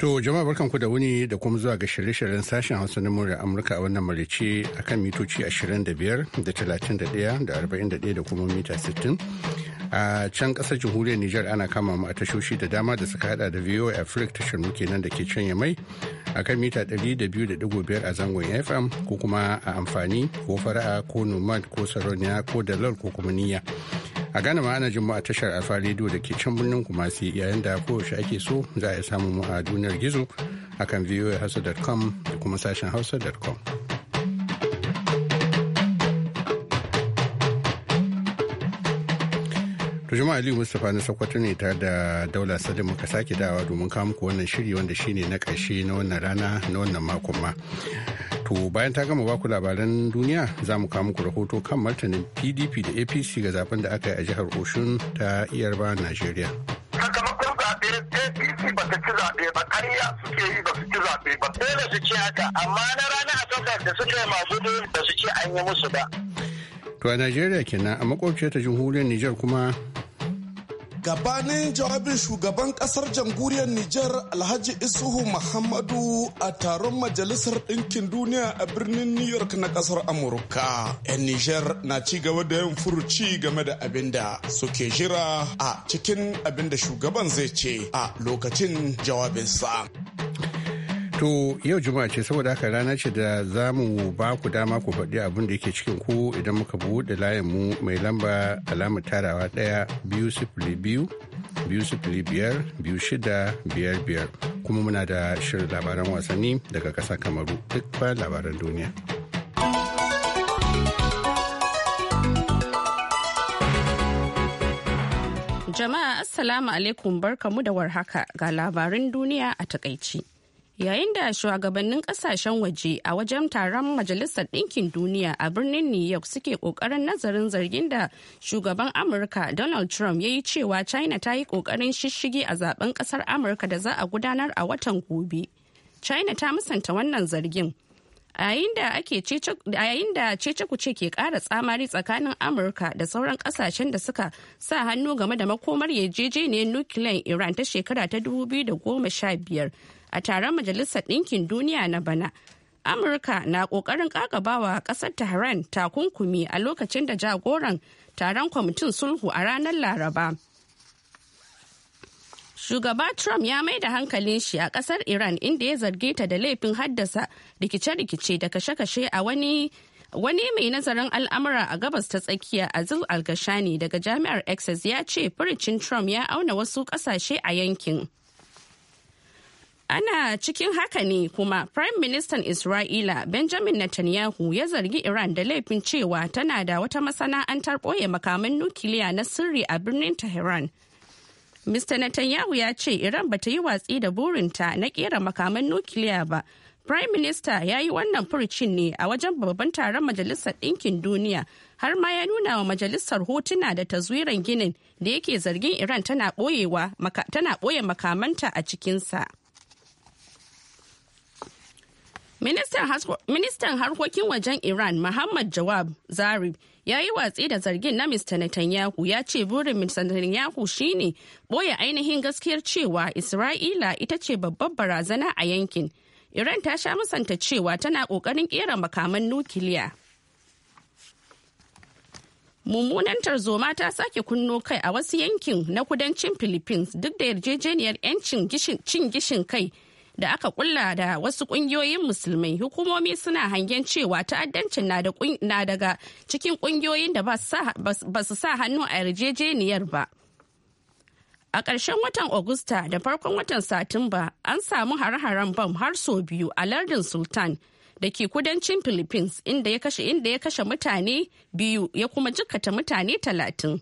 To jama'a barkan ku da wuni da kuma zuwa ga shirye-shiryen sashen Hausa na murya Amurka a wannan marice kan mitoci 25 da 31 da 41 da kuma mita 60. A can ƙasar jamhuriyar Nijar ana kama mu a tashoshi da dama da suka hada da VOA Africa tashar muke nan da ke can ya mai a kan mita 200.5 a zangon FM ko kuma a amfani ko fara'a ko nomad ko saroniya ko dalal ko kuma niyya. a gane ma ana tashar alfa rediyo da ke can birnin kumasi yayin da kowace ake so za a samu mu a duniyar gizo akan voahausa.com da kuma sashen hausa.com to jama'a aliyu mustapha na sakwato ne tare da daula salim muka sake dawa domin kamuku wannan shiri wanda shine na karshe na wannan rana na wannan makon ma To bayan ta gama baku labaran duniya za mu kawo muku rahoto kan martanin PDP da APC ga zaben da aka yi a jihar Oshun ta Iyarba, Najeriya. Sakamakon zaɓe APC ba ta ci zaɓe ba, ƙarya suke yi ba su ci zaɓe ba. Dole su ci haka, amma na rana Asabar da suka yi masu da su ce an yi musu ba. To a Najeriya kenan a makwabciyar ta jamhuriyar Nijar kuma gabanin jawabin shugaban kasar jamhuriyar Nijar Alhaji Isuhu Muhammadu a taron Majalisar Ɗinkin Duniya a birnin New York na kasar Amurka. 'Yan Nijar na ci gaba da yin furuci game da abin da suke jira a cikin abin da shugaban zai ce a lokacin jawabinsa. To yau juma'a ce saboda haka rana ce da za mu ba ku dama ku faɗi abin da yake cikin ku idan muka buɗe layin mu mai lamba alamar tarawa ɗaya biyu sifili biyu biyu sifili biyar biyu shida biyar biyar kuma muna da shirin labaran wasanni daga ƙasar kamaru duk fa labaran duniya. Jama'a Assalamu alaikum barkamu da warhaka ga labarin duniya a takaici. yayin da shugabannin kasashen waje a wajen taron majalisar ɗinkin duniya a birnin new york suke ƙoƙarin nazarin zargin da shugaban amurka donald trump ya yi cewa china ta yi ƙoƙarin shishigi a zaben ƙasar amurka da za a gudanar a watan gobe china ta musanta wannan zargin a yayin da cece kuce ke kara tsamari tsakanin amurka da sauran kasashen da suka sa hannu game da makomar yarjejeniyar nukiliyan iran ta shekara ta 2015 a taron majalisar ɗinkin duniya na bana amurka na ƙoƙarin ƙaƙabawa ƙasar tehran takunkumi a lokacin da jagoran taron kwamitin sulhu a ranar laraba shugaba trump ya mai da hankalin shi a ƙasar iran inda ya zarge ta da laifin haddasa rikice-rikice da kashe-kashe a wani Wani mai nazarin al'amura a gabas ta tsakiya Azil Algashani daga jami'ar Essex ya ce furicin Trump ya auna wasu kasashe a yankin. Ana cikin haka ne kuma Prime Minister Isra'ila Benjamin Netanyahu ya zargi Iran da laifin cewa tana da wata masana'antar ɓoye makaman nukiliya na sirri a birnin Tehran. Mr. Netanyahu ya ce Iran ba ta yi watsi da burinta na ƙera makaman nukiliya ba. Prime Minister ya yi wannan furcin ne a wajen babban taron Majalisar Ɗinkin Duniya har ma ya nuna wa Majalisar hotuna da taswiran ginin da yake zargin Iran tana ɓoye makamanta a cikinsa. Ministan harkokin wajen Iran Muhammad Jawab Zarif ya yi watsi da zargin na Mr. Netanyahu ya ce burin Mr. Netanyahu shine boye ainihin gaskiyar cewa Isra'ila ita ce babbar barazana a yankin. Iran ta sha musanta cewa tana kokarin kera makaman nukiliya. mummunan tarzoma ta sake kunno kai a wasu yankin na kudancin philippines duk da yarjejeniyar 'yancin cin gishin kai da aka kulla da wasu kungiyoyin musulmai hukumomi suna hangen cewa ta'addancin na daga cikin kungiyoyin da ba su sa hannu a yarjejeniyar ba a ƙarshen watan Agusta da farkon watan Satumba an samu hare-haren bam har sau biyu a lardin Sultan da ke kudancin Philippines inda inda ya kashe mutane biyu ya kuma jikkata mutane talatin.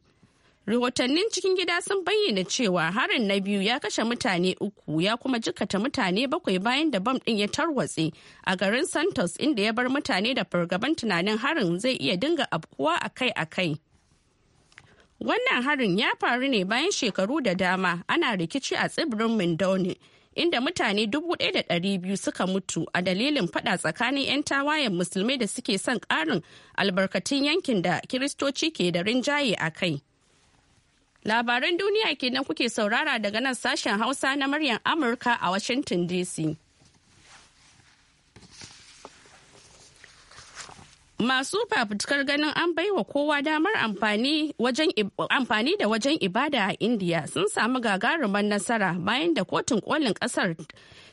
rahotannin cikin gida sun bayyana cewa harin na biyu ya kashe mutane uku ya kuma jikata mutane bakwai bayan da bam din ya tarwatse a garin santos inda ya bar mutane da fargaban tunanin harin zai iya dinga afkuwa akai-akai wannan harin ya faru ne bayan shekaru da dama ana rikici a tsibirin mindoni inda mutane 1,200 suka mutu a dalilin fada tsakanin 'yan tawayen musulmai da suke son karin albarkatun yankin da kiristoci ke da rinjaye a kai. Labaran duniya kenan kuke saurara daga nan sashen Hausa na muryar Amurka a Washington DC. Masu fafutukar ganin an bai wa kowa damar amfani da wajen ibada a Indiya sun samu gagarumar nasara bayan da kotun kolin kasar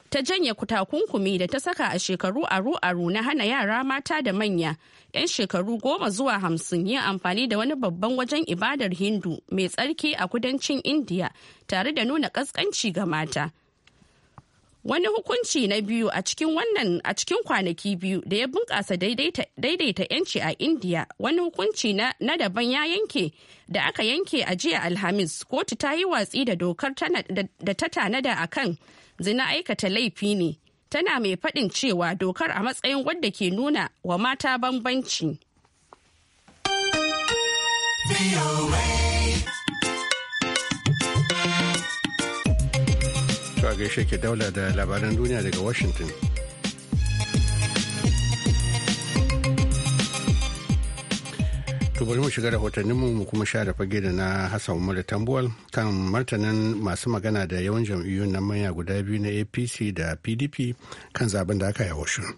ta janye takunkumi da ta saka a shekaru aru-aru na hana yara mata da manya 'yan shekaru goma zuwa hamsin yin amfani da wani babban wajen ibadar hindu mai tsarki a kudancin indiya tare da nuna ƙasƙanci ga mata. wani hukunci na biyu a cikin wannan a cikin kwanaki biyu da ya bunƙasa daidaita yanci a indiya wani hukunci na, daban ya yanke da aka yanke a jiya alhamis kotu ta yi watsi da dokar da ta tanada a kan zina aikata laifi ne tana mai faɗin cewa dokar a matsayin wadda ke nuna wa mata bambanci. a gaishe ke daula da labaran duniya daga Washington. bari mu shiga rahotanninmu mu kuma sha da fage da na Hassan Umar Tambuwal kan martanin masu magana da yawan jam'iyyun na manya guda biyu na APC da PDP kan zaben da aka yi a Washington.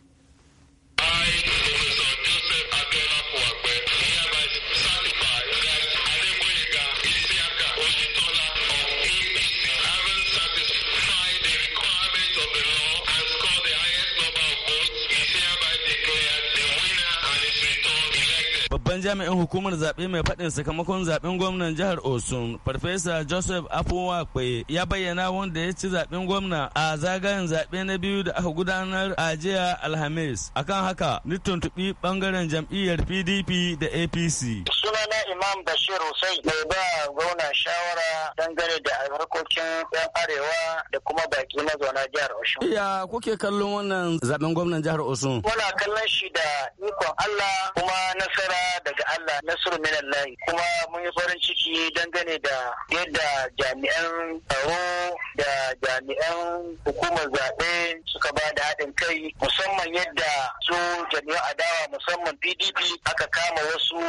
dan jami'in hukumar zaɓe mai faɗin sakamakon zaɓen gwamnan jihar Osun, Farfesa Joseph Afuwakwe ya bayyana wanda ya ci zaɓen gwamna a zagayen zaɓe na biyu da aka gudanar a jiya Alhamis. Akan haka, ni tuntuɓi ɓangaren jam'iyyar PDP da APC. Sunana Imam Bashir Hussein mai ba gwamna shawara dangane da harkokin 'yan arewa da kuma baki na mazauna jihar Osun. iya kuke kallon wannan zaɓen gwamnan jihar Osun? Muna kallon shi da ikon Allah kuma nasara daga Allah Nasiru min Allah kuma mun yi farin ciki dangane da yadda jami'an tsaro da jami'an hukumar zaɓe suka ba da haɗin kai musamman yadda su jami'an adawa musamman PDP aka kama wasu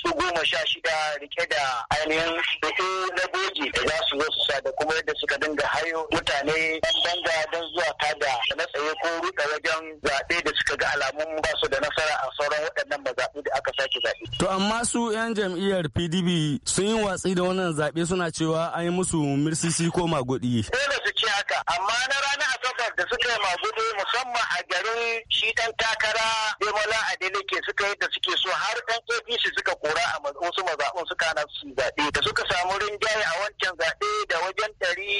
su goma sha shida rike da ainihin duku na goji da za su zo su da kuma yadda suka dinga hayo mutane ɗan banga don zuwa kada na tsaye ko ruɗa wajen zaɓe. To amma su 'yan jam'iyyar PDP sun yi watsi da wannan zaɓe suna cewa an yi musu mirsisi ko magudi. Dole su ce haka, amma na ranar Asabar da suka yi magudi musamman a garin shi ɗan takara Demola ke suka yi da suke so har ɗan APC suka kora a wasu mazaɓun suka na su zaɓe. Da suka samu rinjaye a wancan zaɓe da wajen ɗari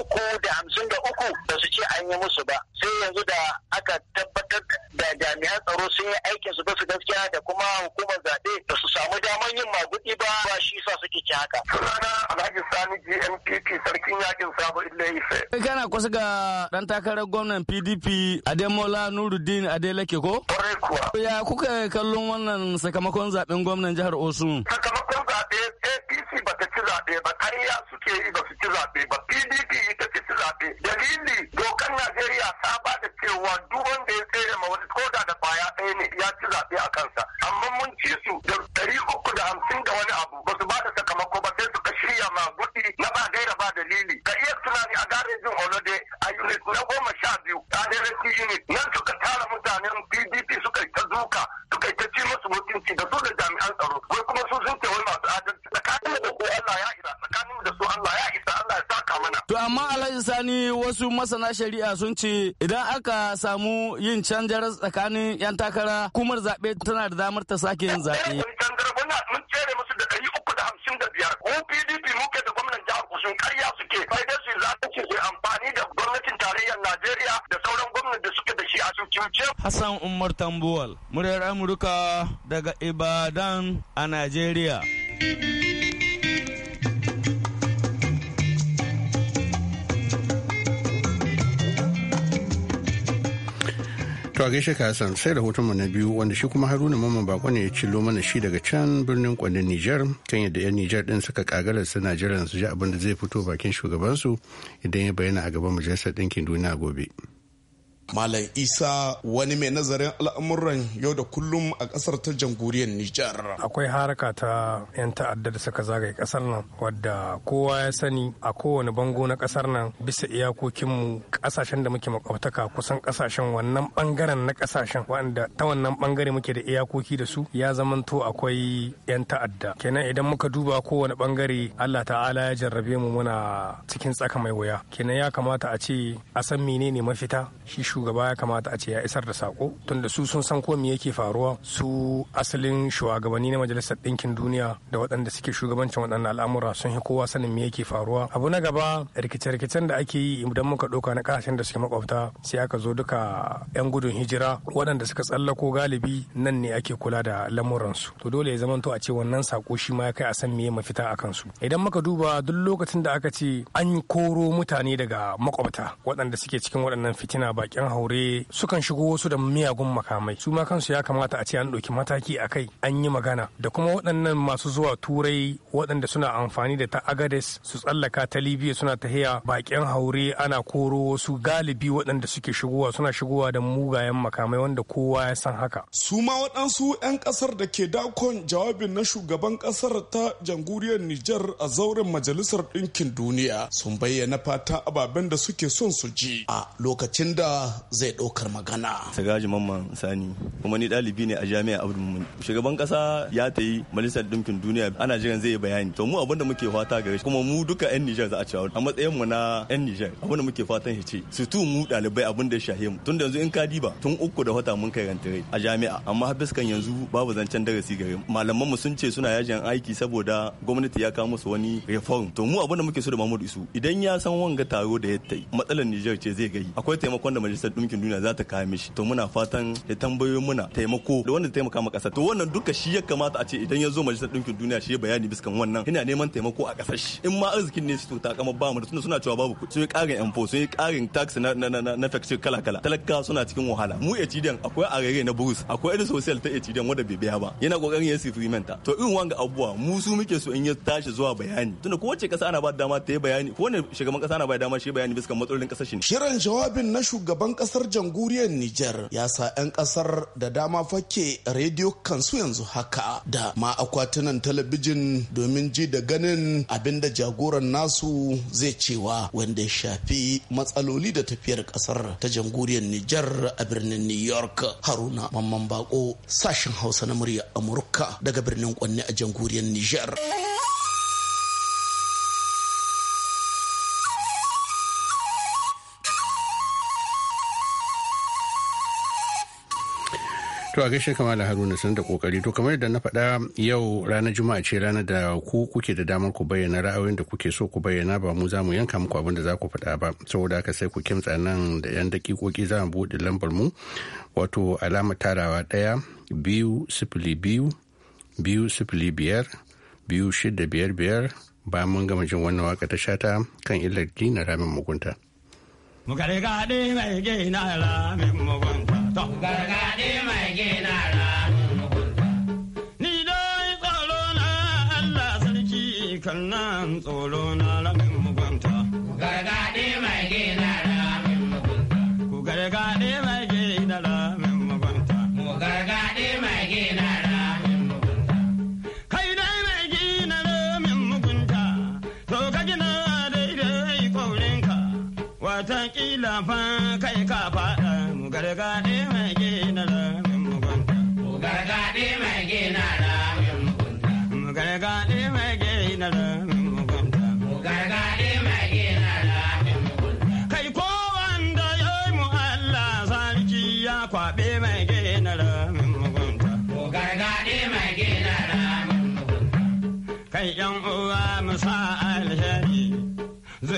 uku da hamsin da uku da su ce an yi musu ba. Sai yanzu da aka tabbatar da jami'an tsaro sun yi aikin su su gaskiya da kuma hukumar zaɓe da su samu damar yin maguɗi ba ba shi sa suke ci haka. Sunana Alhaji Sani GNPP sarkin yakin sabo ille ife. Kana kusa ga ɗan takarar gwamnan PDP Ademola Nuruddin Adeleke ko? Kwarai kuwa. Ya kuka kallon wannan sakamakon zaɓen gwamnan jihar Osun? Sakamakon zaɓe APC ba ta ci zaɓe ba kariya suke yi ba su ci zaɓe ba PDP ita ci zaɓe. Dalili dokan Najeriya ta ba da cewa duk wanda ya koda da kwaya ɗaya ne ya ci zaɓe a kansa amma mun ci su da ɗari uku da hamsin da wani abu ba su ba da sakamako ba sai suka shirya ma gudi na ba gaira ba dalili ka iya tunani a garejin holode a unit na goma sha biyu a direct unit nan suka tara mutanen pdp suka yi ta zuka suka yi ta ci musu mutunci da su da jami'an tsaro wai kuma su bisani wasu masana shari'a sun ce idan aka samu yin canjar tsakanin 'yan takara hukumar zaɓe tana da damar ta sake yin zaɓe. Eh, mun cere musu da ɗari uku da hamsin da biyar. Mu PDP muke da gwamnan jihar Kusun karya suke. Sai dai su zaɓe su amfani da gwamnatin tarayyar Najeriya da sauran gwamnati da suke da shi a cikin Hassan Umar Tambuwal, muryar Amurka daga Ibadan a Najeriya. To a gaishe ka Hassan sai rahotonmu na biyu wanda shi kuma Haruna Mamman Bako ne ya cillo mana shi daga can birnin Kwandon Nijar kan yadda 'yan Nijar din suka kagara su Najeriya su ji abin da zai fito bakin shugabansu idan ya bayyana a gaban Majalisar Ɗinkin Duniya gobe. Malam Isa wani mai nazarin al'amuran yau da kullum a ƙasar ta jamhuriyar Nijar. Akwai haraka ta 'yan ta'adda da suka zagaye kasar nan wadda kowa ya sani a kowane bango na ƙasar nan bisa iyakokinmu kasashen da muke makwabtaka kusan ƙasashen wannan bangaren na kasashen wanda ta wannan bangare muke da iyakoki da su ya zamanto akwai 'yan ta'adda. Kenan idan muka duba kowane bangare Allah ta'ala ya jarrabe mu muna cikin tsaka mai wuya. Kenan ya kamata a ce a san menene mafita shugaba ya kamata a ce ya isar da sako da su sun san ko me yake faruwa su asalin shugabanni na majalisar ɗinkin duniya da waɗanda suke shugabancin waɗannan al'amura sun yi kowa sanin me yake faruwa abu na gaba rikice-rikicen da ake yi idan muka ɗauka na ƙasashen da suke makwabta sai aka zo duka 'yan gudun hijira waɗanda suka tsallako galibi nan ne ake kula da lamuransu to dole ya zamanto a ce wannan sako shi ma ya kai a san me mafita a kansu idan muka duba duk lokacin da aka ce an koro mutane daga makwabta waɗanda suke cikin waɗannan fitina bakin baƙin haure sukan shigo wasu da miyagun makamai su ma kansu ya kamata a ce an ɗauki mataki a kai an yi magana da kuma waɗannan masu zuwa turai waɗanda suna amfani da ta agades su tsallaka ta libya suna tahiya baƙin haure ana koro wasu galibi waɗanda suke shigowa suna shigowa da mugayen makamai wanda kowa ya san haka su ma waɗansu 'yan ƙasar da ke dakon jawabin na shugaban ƙasar ta jamhuriyar nijar a zauren majalisar ɗinkin duniya sun bayyana fata ababen da suke son su ji a lokacin da zai ɗaukar magana. Sagaji Mamman Sani kuma ni ɗalibi ne a jami'a Abdul Mumin. Shugaban ƙasa ya ta yi majalisar ɗinkin duniya ana jiran zai yi bayani. To mu abinda muke fata gare shi kuma mu duka 'yan Nijar za a cewa a matsayin mu na 'yan Nijar abinda muke fatan shi ce su tu mu ɗalibai abin da shahe mu tun da yanzu in ka diba tun uku da wata mun kai rantare a jami'a amma habiskan yanzu babu zancen darasi gare mu. Malaman mu sun ce suna yajin aiki saboda gwamnati ya kawo musu wani reform. To mu abinda muke so da Mahmud Isu idan ya san wanga taro da ya tai matsalar Nijar ce zai gai akwai taimakon da majalisar majalisar ɗinkin duniya za ta kawo mishi to muna fatan ya tambayo muna taimako da wanda taimaka ma ƙasa to wannan duka shi ya kamata a ce idan ya zo majalisar ɗinkin duniya shi ya bayani biskan wannan ina neman taimako a ƙasar shi in ma arzikin ne su ta kama ba mu da suna cewa babu kuɗi sun yi ƙarin info sun yi ƙarin tax na na na na kala kala talaka suna cikin wahala mu etidiyan akwai arere na burus akwai irin social ta etidiyan wanda bai biya ba yana kokarin ya sifrimenta to irin wanga abuwa mu su muke so in ya tashi zuwa bayani tunda kowace ƙasa ana ba dama ta yi bayani ko ne shugaban ƙasa ana ba dama shi bayani biskan matsalolin ƙasar shi ne shirin jawabin na shugaban kasar jamhuriyar Nijar ya sa 'yan kasar da dama fake rediyo kansu yanzu haka da ma akwatunan talabijin domin ji da ganin abin da jagoran nasu zai cewa wanda ya shafi matsaloli da tafiyar kasar ta jamhuriyar Nijar a birnin New York Haruna Mamman Bako sashen Hausa na murya Amurka daga birnin Kwanne a jamhuriyar Nijar. To a gaishe kamala Haruna sun da kokari to kamar yadda na faɗa yau ranar Juma'a ce ranar da ku kuke da damar ku bayyana ra'ayoyin da kuke so ku bayyana ba mu za mu yanka muku abin da za ku faɗa ba saboda haka sai ku kimtsa nan da yan dakikoki za mu buɗe lambar mu wato alama tarawa ɗaya biyu sifili biyu biyu sifili biyar biyu shida biyar biyar ba mun gama jin wannan waka ta shata kan illar dina ramin mugunta. ga mai gina ramin mugunta. Gargaɗi mai gina mugunta. Ni doyi tsoro na Allah sarki kan nan tsoro na.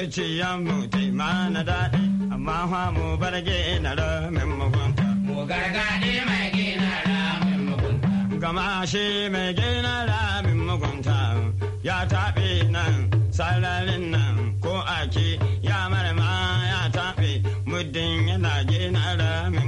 zuciyanmu ta mana daɗi amma fa mu bar gina ramin mugunta. Mu gargaɗi mai gina ramin mugunta. Gama shi mai gina ramin mugunta ya taɓe nan sararin nan ko ake ya marama ya taɓe muddin yana gina ramin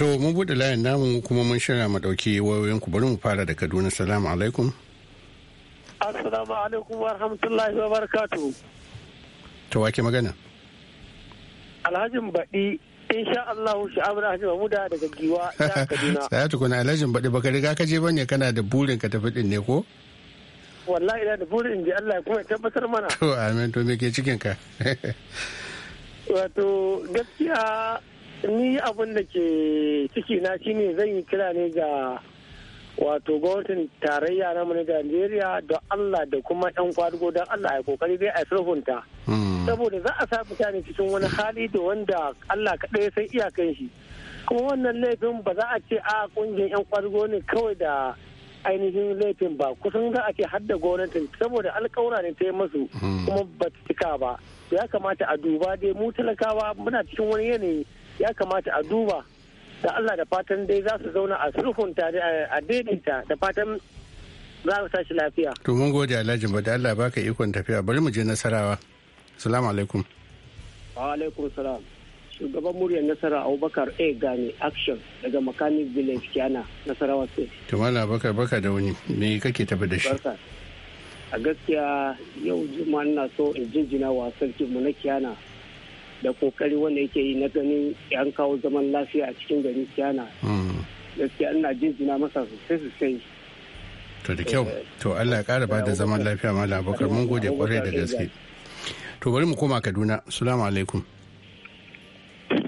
To mun bude layin namu kuma mun shirya mu dauki wayoyin ku bari mu fara da Kaduna salamu alaikum. Assalamu alaikum wa rahmatullahi wa barakatuhu. To wake magana. Alhajin baɗi insha Allah Allahu da Hajji Mahmuda daga Giwa ta Kaduna. Sai tukuna alhajin baɗi baka riga ka je bane kana da burin ka tafi din ne ko? Wallahi ina da burin in ji Allah ya kuma tabbatar mana. To amin to me ke cikin ka? Wato gaskiya ni abin da ke ciki na shine zan yi kira ne ga wato gwamnatin tarayya na mu na Najeriya da Allah da kuma yan kwadugo don Allah ya kokari dai a sulhunta hmm. saboda za a sa mutane cikin wani hali da wanda Allah kaɗai sai iyakan shi kuma wannan laifin ba za a ce a kungiyar yan kwadugo ne kawai da ainihin laifin ba kusan za a ce har da gwamnatin saboda alƙawura ne ta yi masu hmm. kuma ba cika ba ya kamata a duba dai mu talakawa muna cikin wani yanayi ya kamata a duba da Allah da fatan dai za su zauna a sulhunta a daidaita da fatan za su tashi lafiya. To mun gode Alhaji ba da Allah baka ikon tafiya bari mu je nasarawa. Salamu alaikum. Wa alaikum salam. Shugaban muryar nasara Abubakar A Gani Action daga makani Village Kiana Nasarawa State. To Malam Abubakar baka da wani me kake tafi da shi? A gaskiya yau juma'a ina so in jinjina wa sarki mu na Kiana da kokari wanda yake yi na ganin yan kawo zaman lafiya a cikin gari kiyana hmm. gaskiya ina jinjina masa sosai sosai to da kyau to allah ya kara ba zaman lafiya ma abokan mun gode kwarai da gaske to bari mu koma kaduna salamu alaikum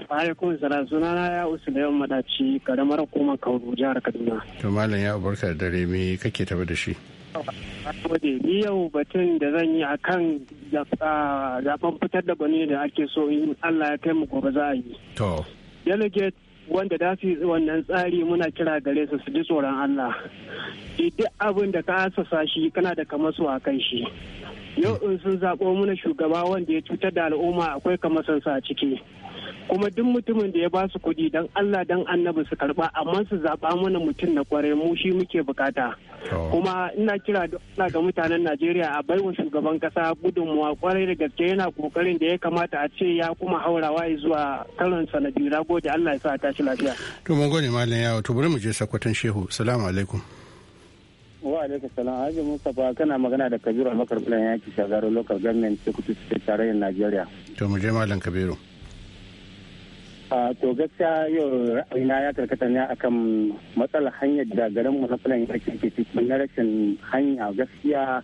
alaikum salam sunana ya usu da yawan madaci karamar hukumar kauru jihar kaduna to malam ya barka da dare me kake tafi da shi ni yau batun da zan yi a kan zaben fitar da bane da ake so in Allah ya kai mu gobe za a yi. To. Delegate wanda da su wannan tsari muna kira gare su su ji tsoron Allah. Duk abin da ka asasa shi kana da kamasu a kan shi. Yau in sun zaɓo muna shugaba wanda ya cutar da al'umma akwai kamasansa a ciki. kuma duk mutumin da ya ba su kuɗi don Allah don annabi su karba amma su zaɓa mana mutum na kwarai mu shi muke bukata kuma ina kira da ga mutanen Najeriya a baiwa shugaban kasa gudunmuwa kwarai da gaske yana kokarin da ya kamata a ce ya kuma haurawa zuwa karon sanadi na gode Allah ya sa tashi lafiya to mun gode malam yawo to bari mu je sakwatan shehu salamu alaikum wa alaikum salam haji mustapha kana magana da kabiru a bulan yaki shagarar local government kutu state tarayyar najeriya to mu je malam kabiru to gaskiya yau ra'ayina ya karkata ne akan matsalar hanyar da garin mu na fulan yake ke ciki na rashin hanya gaskiya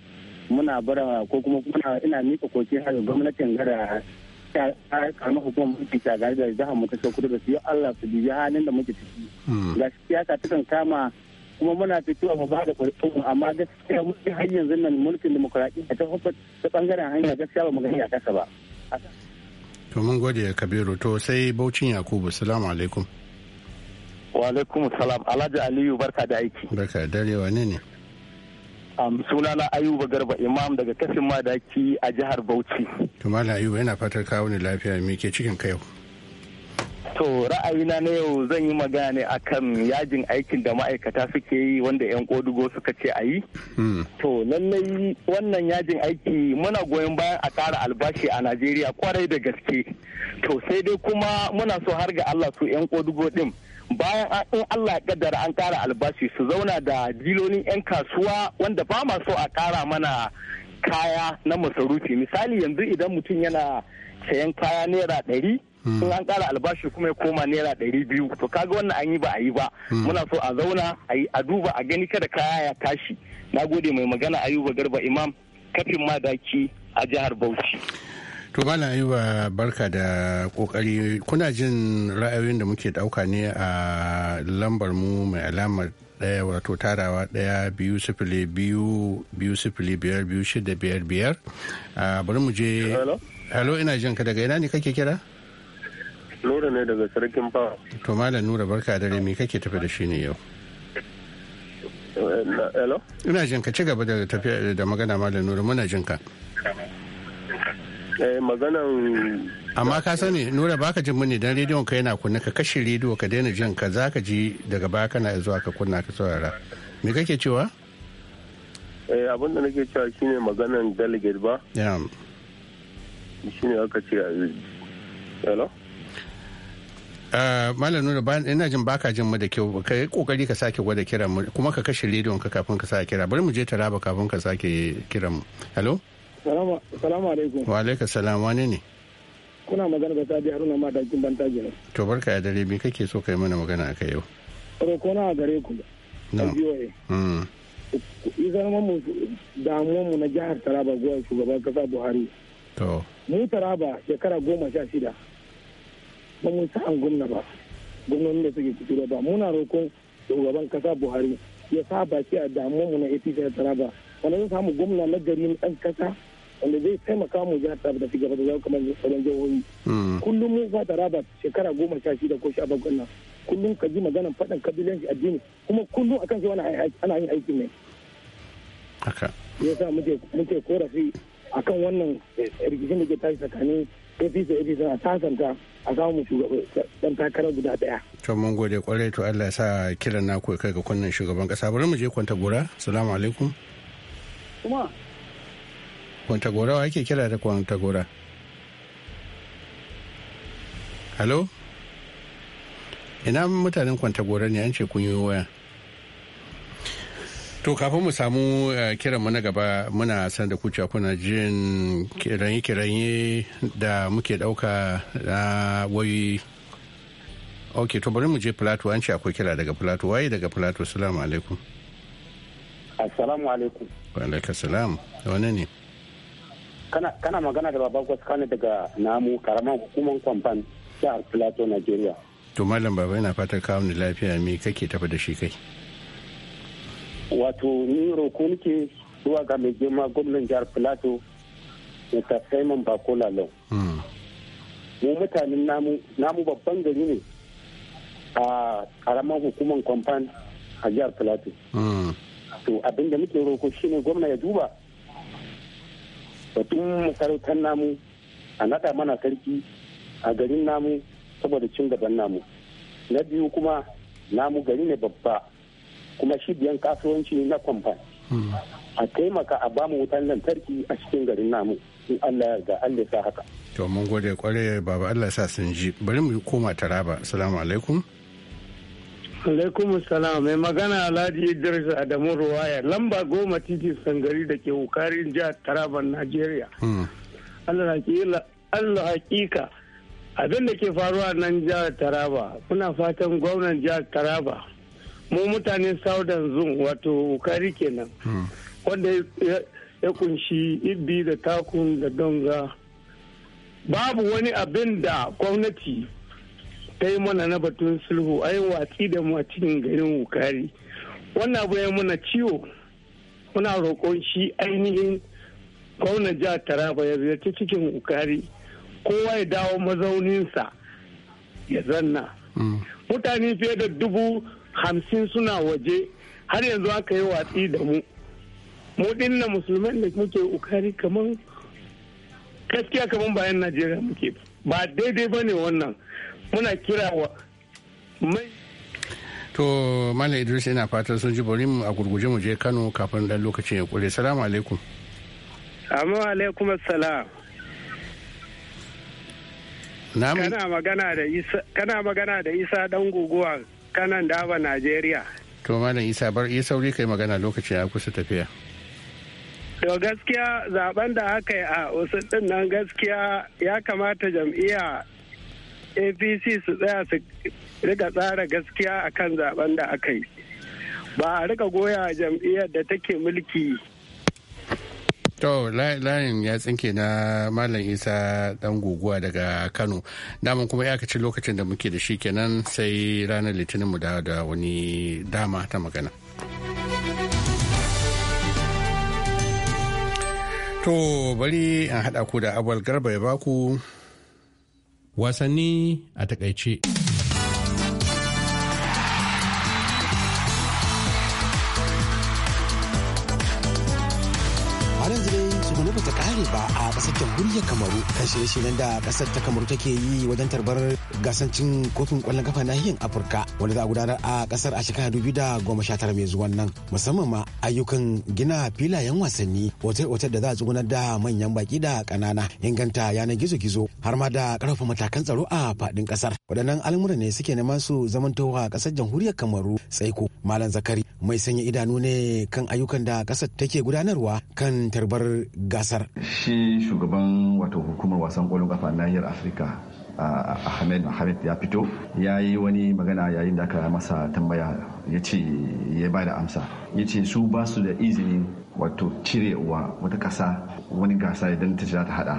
muna bara ko kuma muna ina mika koke har gwamnatin gara karamar hukumar mulki ta gari da jihar mu ta kudu da su yi Allah su bibi halin da muke ciki hmm. gaskiya ta tukan kama kuma muna fitowa mu ba da amma gaskiya mun har yanzu nan mulkin demokuraɗiyya ta hukumar ta bangaren hanya gaskiya ba mu ga a kasa ba to mun gode kabiru to sai baucin yakubu salamu alaikum wa alaikum salam alhaji aliyu barka da aiki barka dare wane ne um, sunana ayuba garba imam daga kafin madaki a jihar bauchi to malam ayuba yana fatar kawo ne lafiya me ke cikin kai To ra'ayina na yau zan yi magana ne akan yajin aikin da ma'aikata suke yi wanda 'yan kodugo suka ce a yi. Hmm. To lallai wannan yajin aiki muna goyon bayan a kara albashi a Najeriya kwarai da gaske. To sai dai kuma muna so har ga Allah su 'yan kodugo ɗin. bayan in Allah ya kaddara an kara albashi su zauna da dilolin 'yan kasuwa wanda ba ma so a kara mana kaya na masarufi misali yanzu idan mutum yana sayan kaya naira ɗari Mm. in an kara albashi kuma ya koma naira ɗari biyu to kaga wannan an yi ba a yi ba mm. muna so a zauna a duba a gani kada kaya ya tashi na gode mai magana ayuba garba imam kafin madaki a jihar bauchi to Bala ayuba barka da kokari kuna jin ra'ayoyin da muke dauka ne a lambar mu mai alamar daya wato tarawa daya biyu sifili biyu biyu sifili biyar biyu shida biyar biyar ah, bari mu je hello ina jin ka daga ina ne kake kira Nura ne daga sarkin ba To Malam Nura barka dare me kake tafi da shi ne yau? Eh, hello? Ina jin ka ci gaba da tafiya da magana Malam Nura muna jin ka. Eh maganan amma ka sani nura baka jin muni dan rediyon ka yana kunna ka kashe rediyo ka daina jin ka zaka ji daga baya kana zuwa ka kunna ka saurara me kake cewa eh abin da nake cewa shine maganan delegate ba ya shine aka ce hello Eh, malam nuna ina jin baka jin mu da kyau ka yi kokari ka sake gwada kiran mu kuma ka kashe rediyon ka kafin ka sake kira bari mu je taraba kafin ka sake kira mu hello salamu alaikum wa alaikum salam wani ne kuna magana da sadi haruna ma da kin banta gina to barka ya dare me kake so kai mana magana a kai yau roko na gare ku na biyoye hmm. idan mu damuwar mu na jihar taraba goyon shugaban kasa buhari to mu taraba shekara goma sha shida ba mu an gwamna ba gwamnonin da suke ciki ba muna roƙon shugaban kasa buhari ya sa baki a damuwa mu na apc da taraba wanda zai samu gwamna na garin ɗan kasa wanda zai taimaka mu jihar taraba da gaba da zama kamar sauran jihohi hmm. kullum mun fa taraba shekara goma sha shida ko sha bakwai nan kullum ka ji maganan faɗin kabilanci addini kuma kullum akan shi wani ana yin aikin ne. haka ya sa muke korafi akan wannan eh, rikicin da ke tashi tsakanin apc da apc na sasanta a mu shugaban takarar guda daya. To mun gode kwarai to Allah ya sa kiran na ku kai ga kunnen shugaban kasa bari mu je kwanta gora. Assalamu alaikum. Kuma kwanta gora wa ake kira da kwanta gora? Hello? Ina mutanen kwanta gora ne an ce kun yi waya. To kafin mu samu eh, kiran mu na gaba muna san da kuce kuna jin kiranye-kiranye da muke dauka na wayoyi. Ok, to bari mu je Plato an ce akwai kira daga Plato waye daga Plato salamu alaikum. Assalamu alaikum. Wa alaikum salam. Wane ne? Kana magana da Baba Gwaskani daga namu karamar hukumar kwamfan jihar Plato, Nigeria. To Malam Baba yana fatar kawo ni lafiya me kake tafi da shi kai? wato ni roko nike zuwa ga mai girma gwamnan jihar plateau mr simon bako lalau hmm. mu mutanen namu namu babban gari ne a karamar hukumar kwamfan a jihar plateau hmm. to abinda muke roko shine gwamna ya duba batun masarautar namu a nada mana sarki a garin namu saboda cin gaban namu na biyu kuma namu gari ne babba kuma biyan kasuwanci na kwamfan a taimaka a bamu wutan lantarki a cikin garin namu in Allah ga Allah sa haka to mun gode kware baba Allah sa sun ji bari mu koma taraba assalamu alaikum alaikum salam mai magana alhaji idris adamu ruwaya lamba goma titi sangari da ke hukarin jihar taraban nigeria. Hmm. allah hakika abin da ke faruwa nan jihar taraba kuna fatan gwamnan jihar taraba mu mutanen southern zone wato ukari kenan hmm. wanda ya kunshi ibbi da takun da donga babu wani abin da gwamnati ta yi mana na batun sulhu a yi watsi da mu a cikin garin ukari wannan abu ya muna ciwo muna roƙon shi ainihin gwamnan jihar taraba ya ziyarci cikin ukari kowa ya dawo mazauninsa ya zanna hmm. mutane fiye da dubu hamsin suna waje har yanzu aka yi watsi da mu mu dinna musulman da muke ukari kamar gaskiya kamar bayan najeriya muke ba daidai ba ne wannan muna kira wa mai to mala idris yana fatan sun ji bari a gurguje mu je kano kafin dan lokacin ya kure salamu alaikum amma alaikum assalam kana magana da isa kana magana da isa dan guguwa kanan daba Najeriya. To Malam Isa bar yi sauri kai magana lokaci ya kusa tafiya. To gaskiya zaben da aka yi a wasu gaskiya ya kamata jam'iyya APC su tsaya su riga tsara gaskiya akan zaben da aka yi. Ba a riga goya jam'iyyar da take mulki To layin ya tsinke na Malam Isa dan guguwa daga Kano. Daman kuma ya kaci lokacin da muke da shi kenan sai ranar litinin mu da wani dama ta magana. To bari in haɗa ku da abuwar garba ya baku wasanni a takaice. ta murya kamaru kan shirye-shiryen da kasar ta kamaru take yi wajen tarbar gasancin kofin kwallon kafa nahiyar afirka wanda za a gudanar a kasar a shekara dubu da goma sha tara mai zuwan nan musamman ma ayyukan gina filayen wasanni otel-otel da za a tsugunar da manyan baki da kanana inganta yanar gizo-gizo har ma da karfafa matakan tsaro a faɗin kasar waɗannan al'amura ne suke neman su zamantowa kasar jamhuriyar kamaru tsaiko malam zakari mai sanya idanu ne kan ayyukan da kasar take gudanarwa kan tarbar gasar. shi shugaban wato hukumar wasan kwallon kafa nahiyar afirka ahmed mohamed ya fito ya yi wani magana yayin da aka masa tambaya ya ce ya ba da amsa ya ce su ba su da izinin wato cire wa wata kasa wani gasa idan ta ta hada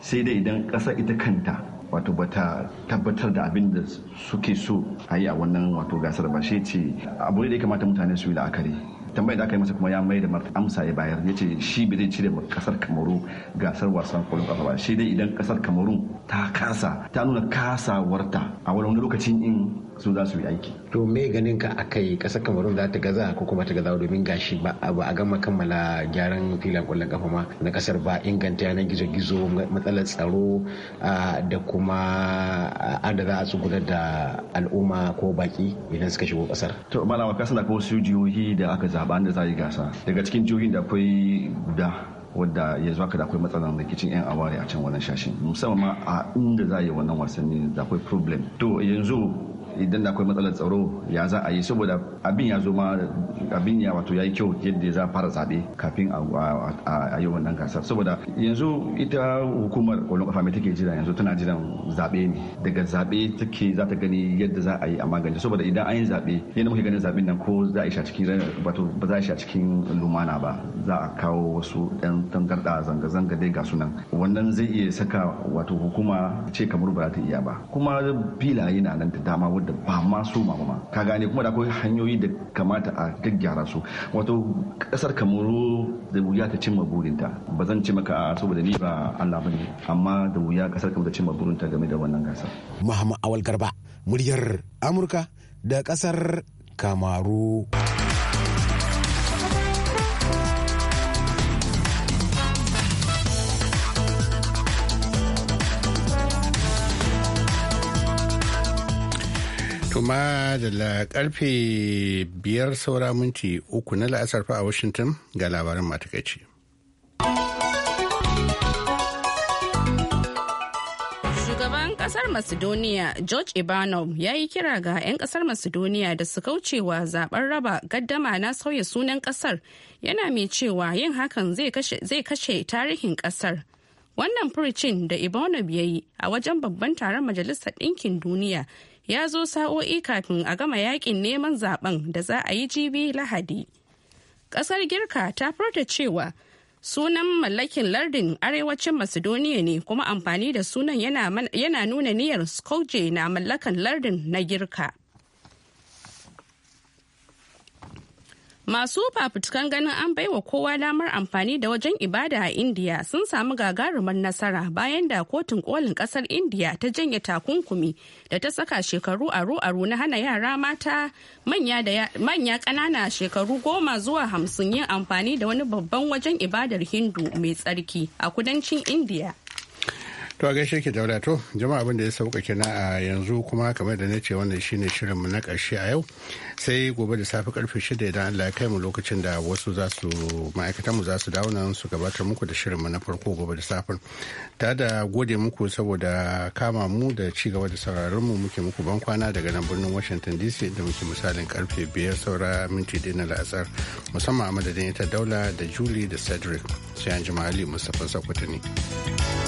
sai dai idan kasa ita kanta wato bata tabbatar da abin da suke so a yi a wannan wato gasar ba shi ce abu da ya kamata mutane su yi la'akari tambayar da aka yi masa kuma ya mai da amsa ya bayar ya ce shi bai zai cire kasar kamaru gasar wasan kwallon kafa ba shi dai idan kasar kamaru ta kasa ta nuna kasawarta a wani lokacin in su za su yi aiki. To me ganin ka akai kasar Kamarun za ta gaza ko kuma ta gaza domin gashi ba a gama kammala gyaran filan kwallon kafa ma na kasar ba inganta yanar gizo-gizo matsalar tsaro da kuma da za a tsugunar da al'umma ko baki idan suka shigo kasar. To malama ka sanar ko su jihohi da aka zaba da za a yi gasa daga cikin jihohin da akwai guda wadda ya zuwa da akwai matsalar rikicin yan awari a can wannan shashin musamman a inda za a yi wannan wasanni da akwai problem to yanzu idan da akwai matsalar tsaro ya za a yi saboda abin ya zo ma abin ya wato ya yi kyau yadda za a fara zaɓe kafin a yi wannan gasar saboda yanzu ita hukumar kwallon kafa mai take jira yanzu tana jiran zaɓe ne daga zaɓe take za ta gani yadda za a yi a magance saboda idan an yi zaɓe yadda muke ganin zaɓen nan ko za a isha cikin wato ba za a isha cikin lumana ba za a kawo wasu yan tangarɗa zanga-zanga dai ga sunan wannan zai iya saka wato hukuma ce kamar ba za ta iya ba kuma filaye na nan da dama da ba ma su ma ka gane kuma da akwai hanyoyi da kamata a gaggyara su wato kasar kamaru da wuya ta cimma burinta ba zan ce maka saboda ni ba Allah bane amma da wuya kasar kamaru ta cimma burinta game da wannan gasar Muhammad Awal Garba muryar Amurka da kasar Kamaru. Tuma da karfe biyar saura minti uku na la'asar a Washington ga labaran matakaici. Shugaban kasar Macedonia George Ivanov ya yi kira ga 'yan kasar Macedonia da su kaucewa zaben raba gaddama na sauya sunan kasar yana mai cewa yin hakan zai kashe tarihin kasar. Wannan furicin da ibanov ya yi a wajen babban taron Majalisar Ɗinkin Duniya ya zo sa'o'i kafin a gama yakin neman zaben da za a yi jibi lahadi kasar girka ta furta cewa sunan mallakin lardin arewacin macedonia ne kuma amfani da sunan yana nuna niyyar skoje na mallakan lardin na girka Masu fafutukan ganin an baiwa kowa damar amfani da wajen ibada a Indiya sun samu gagarumar nasara bayan da kotun kolin kasar Indiya ta janye takunkumi da ta saka shekaru aro-aro na hana yara mata manya ƙanana shekaru goma zuwa hamsin yin amfani da wani babban wajen ibadar Hindu mai tsarki a kudancin Indiya. To a gaishe ke daura to jama'a abin da ya sauka kina a yanzu kuma kamar da na ce wannan shine shirin mu na karshe a yau sai gobe da safe karfe shida idan Allah ya kai mu lokacin da wasu za su mu za su dawo nan su gabatar muku da mu na farko gobe da safin Ta da gode muku saboda kama mu da ci gaba da sauraron mu muke muku ban kwana daga nan birnin Washington DC da muke misalin karfe biyar saura minti da na la'asar musamman a madadin ita daula da Julie da Cedric sai an jima Ali Mustapha Sakwatani.